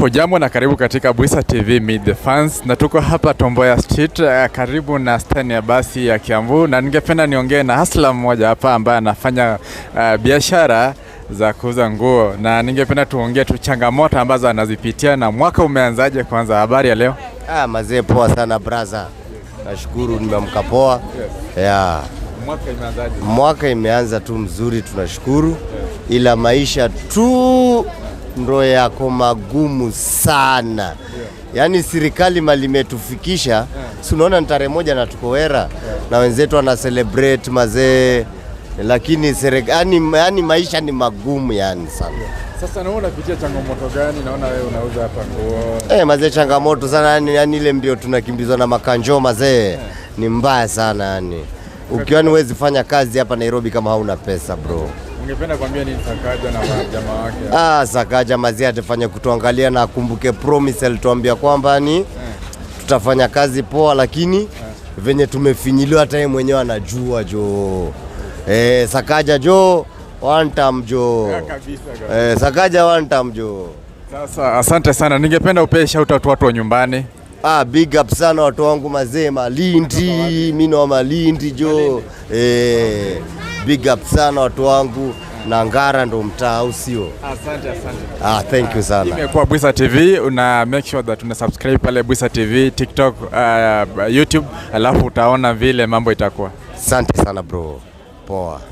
Hujambo na karibu katika Buisa TV Meet the Fans, na tuko hapa Tomboya Street eh, karibu na stani ya basi ya Kiambu, na ningependa niongee na hasla mmoja hapa ambaye anafanya uh, biashara za kuuza nguo, na ningependa tuongee tu changamoto ambazo anazipitia na mwaka umeanzaje. Kwanza, habari ya leo? Ah, mazee poa sana brother. nashukuru nimeamka poa yes. yeah. Mwaka imeanzaje? Mwaka imeanza tu mzuri, tunashukuru yes. ila maisha tu ndo yako magumu sana yeah. Yaani serikali malimetufikisha yeah. Si unaona ni tarehe moja na tukowera yeah. Na wenzetu ana celebrate mazee, lakini serikali yani yaani maisha ni magumu yani sana yeah. Sasa naona unapitia changamoto gani? Naona wewe unauza hapa nguo. Eh, mazee changamoto sana yani, yani ile mbio tunakimbizwa na makanjo mazee yeah. Ni mbaya sana yani, ukiwa ni wezi fanya kazi hapa Nairobi kama hauna pesa bro. Ningependa kuambia ni Sakaja na jamaa wake. Ah, Sakaja mazia atafanya kutuangalia na akumbuke promise alituambia kwamba ni eh. tutafanya kazi poa, lakini eh. venye tumefinyiliwa hata yeye mwenyewe anajua jo. Eh, Sakaja jo one time jo. Eh, Sakaja one time jo. Sasa asante sana, ningependa upee shout out watu wa nyumbani. Ah, big up sana watu wangu mazee Malindi, mimi wa Malindi jo. Eh. Big up sana watu wangu na Ngara ndo mtaa au sio? Asante, asante. Ah, thank you sana. Imekuwa Bwisa TV, una make sure that una subscribe pale Bwisa TV, TikTok, uh, YouTube, alafu utaona vile mambo itakuwa. Asante sana bro. Poa.